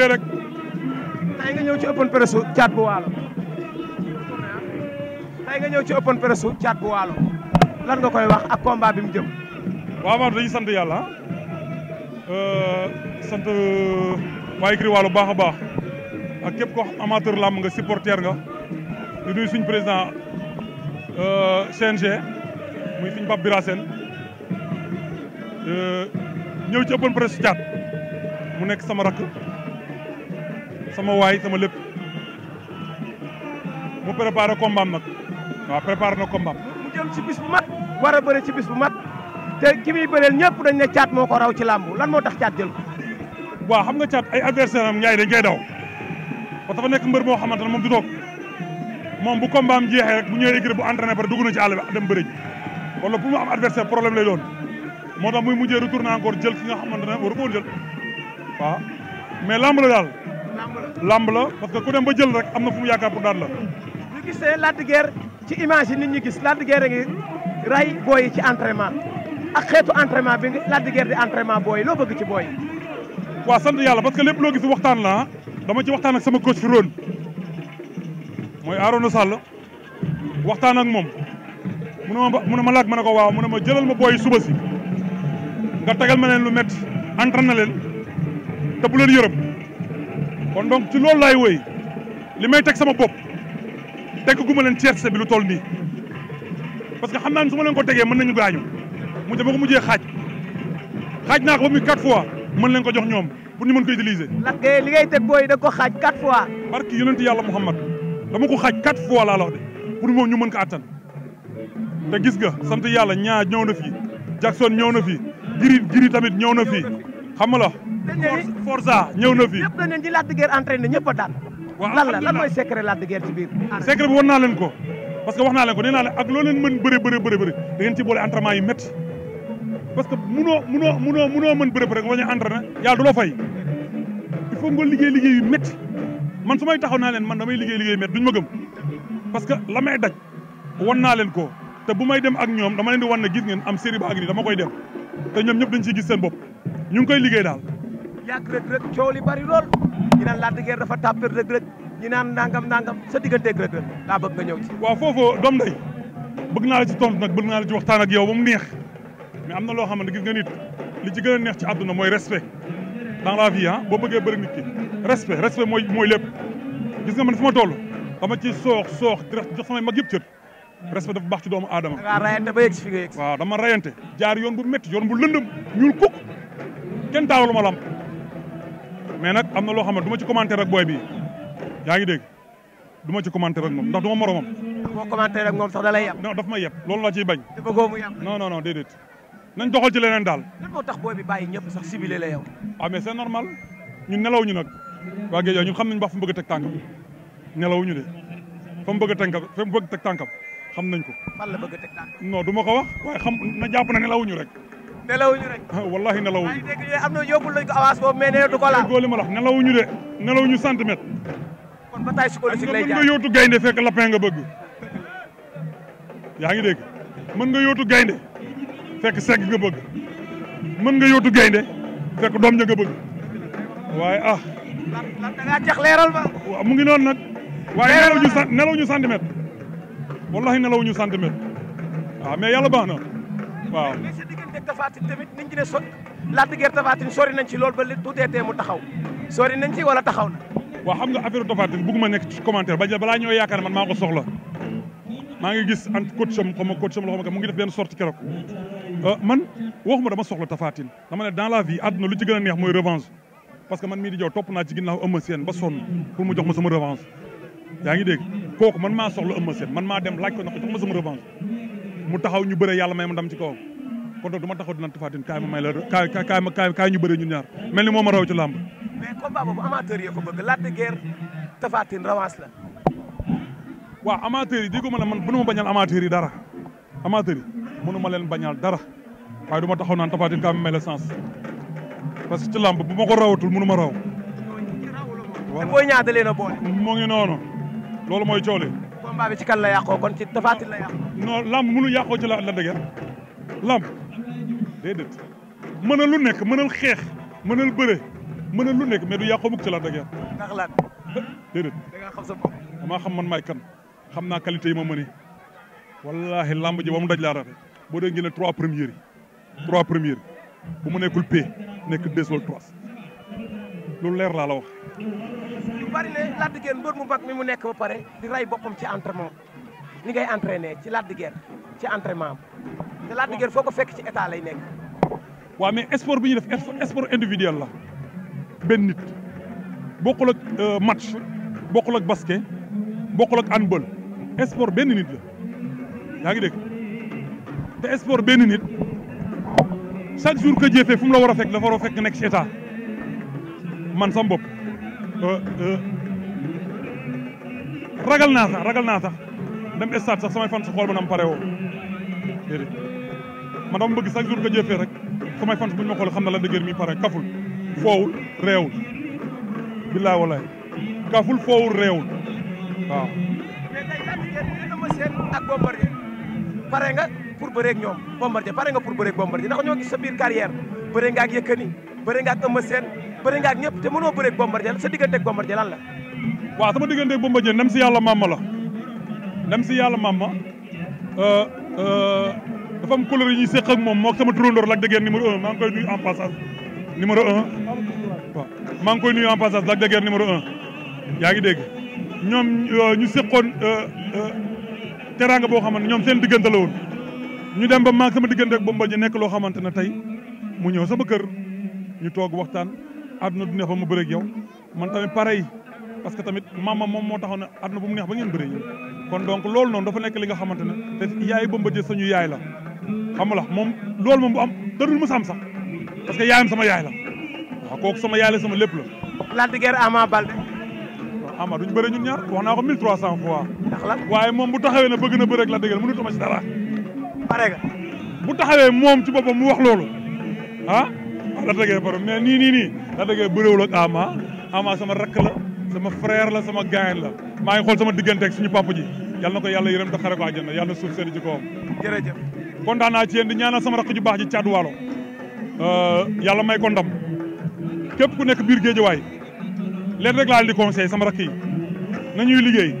liggéey rek. tey nga ñëw ci open presse caat bu waalo. tey nga ñëw ci open presse caat bu waalo. lan nga koy wax ak combat bi mu jëm. waaw Maodo dañuy sant yàlla ah. euh, sant euh, waa écurie Waalo baax a baax ak ko amateur làmb nga supporter nga di nuyu suñ président euh, CNG muy suñ Pape Birasène ñëw ci open presse caat mu nekk sama rakk. sama waay sama lépp mu préparé combat am waa prépare na combat mu jëm ci bis bu mag war a bëre ci bis bu mag te ki muy bëreel ñëpp dañ ne caat moo ko raw ci làmb lan moo tax caat jël waa waaw xam nga caat ay adversaire am ñaay dañ koy daw parce que dafa nekk mbër moo xamante ne moom du toog moom bu combat am jeexee rek bu ñëwee écurie bu entraîné ba dugg na ci àll bi dem bëri wala bu mu am adversaire problème lay doon moo tax muy mujjee retourné encore jël ki nga xamante ne waru ko jël waaw mais làmb lamb la parce que ku dem ba jël rek am na fu mu yaakaar pour daan la. ñu gis ne Lac ci image yi nit ñi gis Lac de Guiers a ngi ray booy yi ci entraînement ak xeetu entraînement bi nga Lac de Guiers booy yi loo bëgg ci booy yi. waaw sant yàlla parce que lépp loo gis waxtaan la dama ci waxtaan ak sama coach fi mooy mooy Arona Sall waxtaan ak moom mu ne ma ma laaj ma ne ko waaw mu ne ma jëlal ma booy suba si nga tegal ma leen lu métti na leen te bu leen kon donc ci loolu laay woy li may teg sama bopp teg gu ma leen tiercé bi lu toll nii parce que xam naa ne su ma leen ko tegee mën nañu gaañu mu dama ko mujjee xaaj xaaj naa ko ba muy quatre fois mën leen ko jox ñoom pour ñu mën ko utiliser. Lac Gueye li ngay teg booy da ko xaaj quatre fois. barki yonent yàlla Muhammad dama ko xaaj quatre fois laa la de pour moom ñu mën ko attan te gis nga sant yàlla ñaa ñëw na fi Jackson ñëw na fi giri tamit ñëw na fi xam nga la. Forza ñëw na fi. ñëpp dañ leen di Lac de Guiers entraîné ñëpp a daan. lan la lan mooy secret Lac de Guiers ci biir. secret bi war naa leen ko parce que wax naa leen ko nee naa leen ak loo leen mën bëre bëre bëre bëre da ngeen ci boole entraînement yu métti parce que munoo mën bëre bëre nga bañ a entraîné du la fay il faut nga liggéey liggéey yu métti man su may taxaw naa leen man damay liggéey liggéey métti duñ ma gëm parce que la may daj wan naa leen ko te bu may dem ak ñoom dama leen di wan ne gis ngeen am série ba ak ni dama koy def te ñoom ñëpp dañ ciy gis seen bopp ñu ngi koy liggéey daal yàgg rek rek coow li bari lool ñu naan Lac de dafa tàppir rek ñi naan nangam nangam sa digganteeg rek rek laa bëgg nga ñëw ci. waaw foofu doom day bëgg naa la ci tontu nag bëgg naa la ci waxtaan ak yow ba mu neex mais am na loo xam xamante gis nga nit li ci gën a neex ci àdduna mooy respect dans la vie ah boo bëggee bëri nit ki respect respect mooy mooy lépp gis nga man fu ma toll dama ci soox soox di jox samay mag yëpp cër respect dafa baax ci doomu aadama. da ngaa rayante ba yegg si fi nga yegg waaw dama rayante jaar yoon bu métti yoon bu lëndëm ñuul kukk kenn taaluma lamp mais nag am na loo xam ne duma ci commentaire ak booy bi yaa ngi dégg du ma ci commentaire ak moom ndax du ma moromam. boo commentaire ak moom sax da lay yab. non daf may yab loolu la ciy bañ. dafa góobu yab non non non déedéet. daal. lan moo tax booy bi bàyyi ñëpp sax ciblé la yow. ah c'est normal ñun nelaw ñu nag waa Guèye ñun xam nañ ba fu mbëgg a teg tànkam nelaw ñu de fa mu bëgg a teg fa a tànkam xam nañ ko. fan la bëgg a teg du ma ko wax waaye xam na jàpp na nelawuñu rek nelawuñu rek ah, wallahi nelawuñu am na yóbbul lañ ko avance boobu mais nee du ko laal góor li ma la de nelawuñu centimètre kon nga yóotu gaynde fekk lapin nga bëgg yaa ngi dégg mën nga yootu gaynde fekk segg nga bëgg mën nga yootu gaynde fekk doom ja nga bëgg waaye ah mu ngi noonu nag waaye nelawuñu nelawuñu centimètre wallahi nelawuñu centimètre waaw ah, mais yàlla baax na waaw ak tafaatin tamit niñ ci ne so Lac de tafaatin sori nañ ci loolu ba li tuuteetee mu taxaw sori nañ ci wala taxaw na. waaw xam nga affaire tafaatin bëgguma nekk ci commentaire ba balaa ñoo yaakaar man maa ko soxla maa ngi gis ant coach am xaw ma coach am loo xam ne mu ngi def benn sortie keroog euh, man waxuma dama soxla tafaatin dama ne dans la vie na lu ci gën a neex mooy revanche parce que man mii di jow topp naa ci ginnaaw Eumeu Sène ba sonn pour mu jox ma sama man maa soxla Eumeu man maa dem laaj ko na ko jox taxaw ñu bëre yàlla may ma ndam ci kawam kon donc du ma taxaw dinaan Tapha Tine may la kaay kaay ma kaay ñu bëre ñun ñaar mel ni moo ma raw ci làmb. mais combat boobu amateur yi ko la. waaw amateur yi di ko ma ne man mënu ma bañal amateur yi dara amateur yi ma leen bañal dara waaye du ma taxaw naan Tapha Tine may la sens parce que ci làmb bu ma ko rawatul mënu ma raw. voilà te booy ñaar da leen a boole. mu ngi loolu mooy coow li. ci kan la yàqoo kon ci Tapha Tine la yàqoo. non làmb mënu déedéet mënal lu nekk mënal xeex mënal bëre mënal lu nekk mais du yàqoo mukk ci Lac de Guiers. ndax laat déedéet. da ngaa xam sa bopp. damaa xam man maay kan xam naa qualité yi ma mënee wallaahi lamb ji ba mu daj laa rafet boo dee génne trois premières yi trois premières bu mu nekkul P nekk deux wala trois loolu leer laa la wax. ñu bari ne Lac de Guiers mu mag mi mu nekk ba pare di ray boppam ci entraînement ni ngay entraîné ci Lac de Guiers ci entraînement am. te Lac de foo ko fekk ci état lay nekk. waa mais sport bi ñuy def sport individuel la benn nit bokkul ak euh, match bokkul ak basket bokkul ak handball sport benn nit la yaa ngi dégg te sport benn nit chaque jour que jëfee fu la war a fekk dafa war a fekk nekk ci état man sam bopp euh, euh, ragal naa sax ragal naa sax dem stade sax samay fan sa xool ba na pare woo man dama bëgg chaque jour que jëfee rek samay fans bu ñu ma xam na la dëgër mi pare kaful foowul réewul billaa walaay kaful foowul réewul waaw ak Bombardier pare nga pour bëreeg ñoom Bombardier pare nga pour bëreeg Bombardier ndax ñoo gis sa biir carrière bëre nga ak Yékini bëre nga ak Eumeu bëre nga ak ñëpp te mënoo bëreeg Bombardier sa digganteeg Bombardier lan la waaw sama digganteeg Bombardier nem si yàlla mamma si euh, euh, dafa am couleur yi moom moo sama turandoor Lac de Guiers numéro un maa ngi koy nuyu waaw maa ngi koy nuyu en passage Lac de Guiers numéro yaa ngi dégg ñoom euh, ñu séqoon euh, euh, teraanga boo xamante ñoom seen diggante la woon ñu dem ba maag sama diggante ak Bombardier nekk loo xamante ne tey mu ñëw sama kër ñu toog waxtaan àdduna du neex ba mu bëre yow man tamit pareil parce que tamit maama moom moo taxoon ne àdduna bu mu neex ba ngeen bëree kon donc loolu noonu dafa nekk li nga xamante ne te yaay Bombardier sañu yaay la xam nga la moom loolu moom bu am darul mu sam sax parce que yaayam sama yaay la waaw kooku sama yaay la sama lépp la. Lac de Guiers Ama Baldé. waaw Ama duñ bëre ñun ñaar wax naa ko 1300 fois. ndax waa waaye moom bu taxawee na bëgg na bëre ak Lac de Guiers mënut a bu taxawee moom ci boppam mu wax loolu ah Lac de Guiers borom mais nii nii nii Lac de Guiers bëréwul ak Ama sama rakk la sama frère la sama gaañ la maa ngi xool sama diggante ak suñu papa ji yàlla na ko yàlla yërëm te xare ko àjjana yàlla suuf seen i jikkoom jërëjëf kontaan naa ci yéen di ñaanal sama rakk ju baax ji Walo euh, yàlla may ko ndam képp ku nekk biir géejawaay leen rek laa di conseil sama rakk yi nañuy liggéey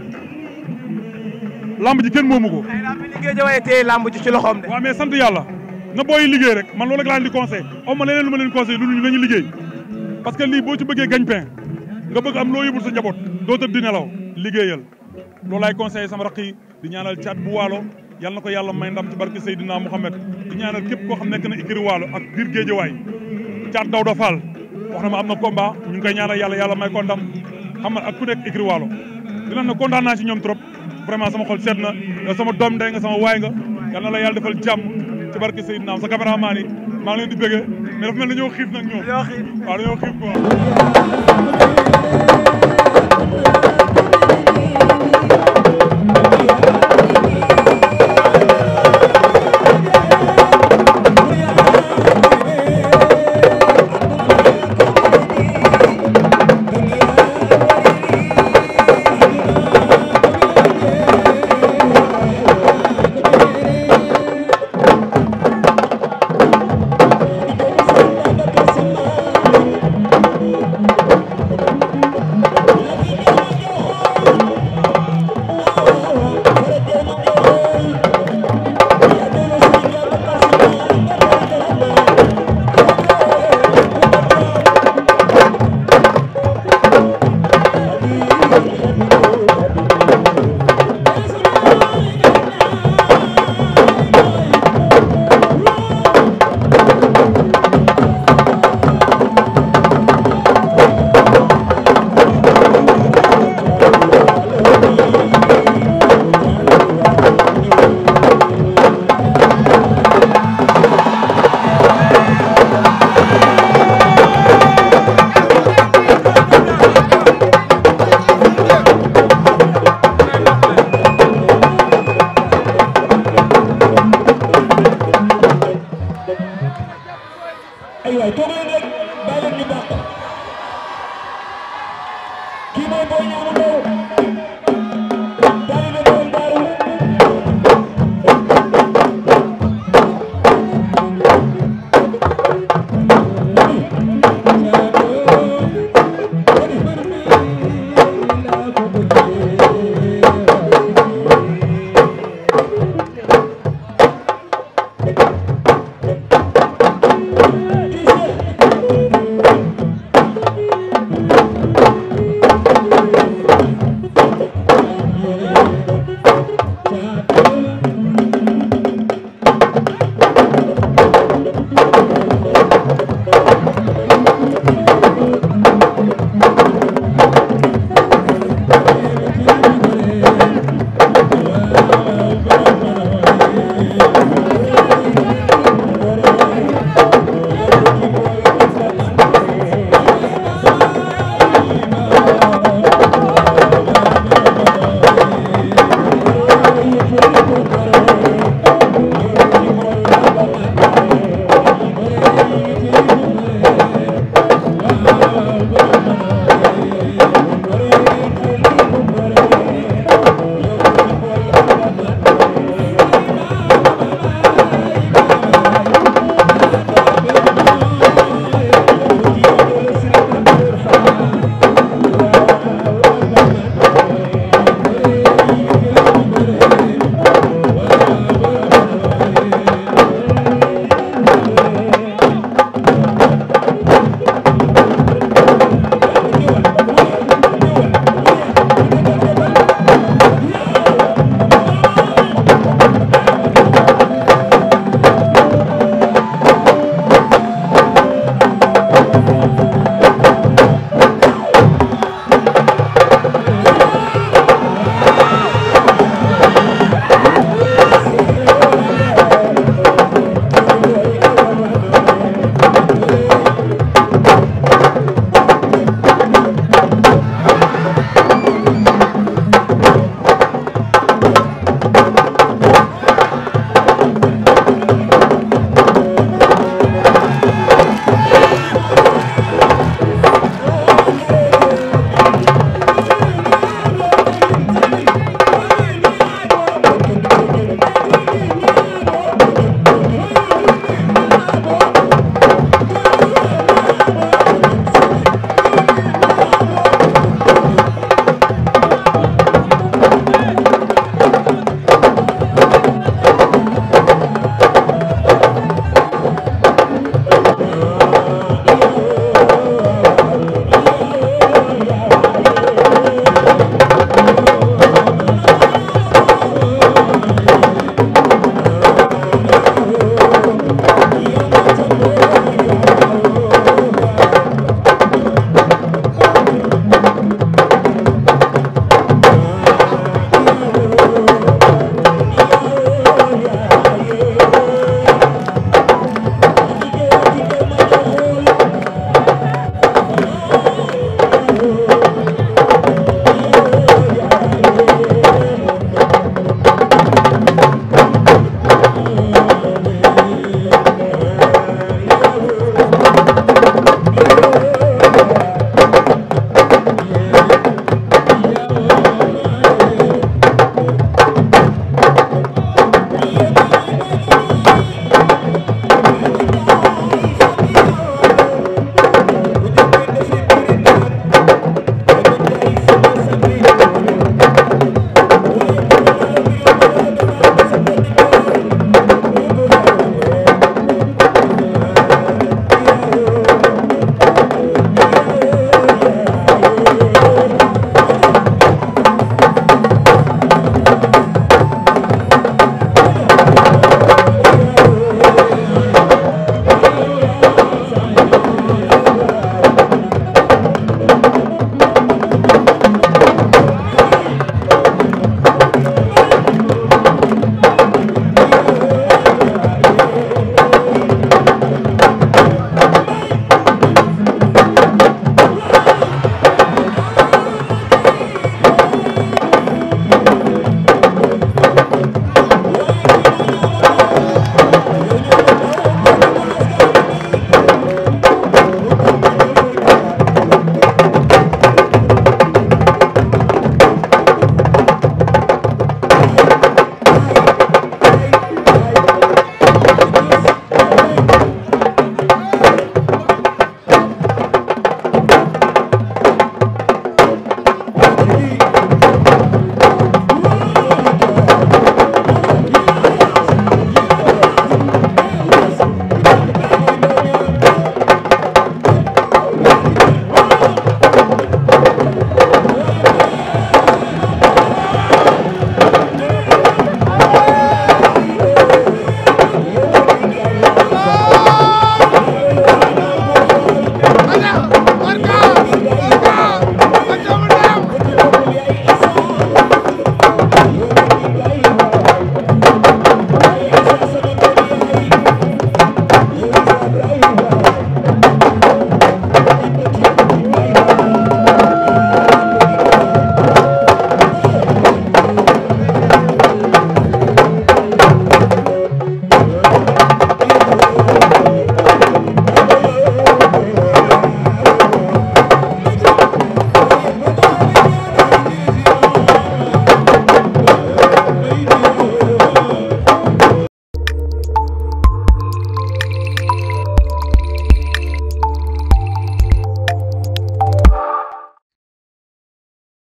lamb ji kenn moomu ko. ay lamb lamb ji ci loxoom de. waaw mais sant yàlla na booy liggéey rek man loolu rek laa di conseil aw ma leneen lu ma leen conseil lu ñu nañu liggéey parce que lii boo ci bëggee gagne-pain nga bëgg am loo yóbbul sa njaboot doo tëb di nelaw liggéeyal loolu laay conseil sama rakk yi di ñaanal Thiatou bu Walo yal na ko yàlla may ndam ci barke Seydina Mouhamed di ñaanal képp koo xam nekk na ikiri waalo ak biir géejawaay caat daw da faal wax na ma am na combat ñu ngi koy ñaanal yàlla yàlla may ko ndam xam na ak ku nekk ikiri waalo dinañ na kontaan naa ci ñoom trop vraiment sama xol seet na sama doom ndey nga sama waay nga yal na la yàlla defal jàmm ci barke Seydina sa caméraman yi maa ngi leen di bëggee mais dafa mel ne dañoo xiif nag ñoom waaw dañoo xiif quoi waay toog leen rek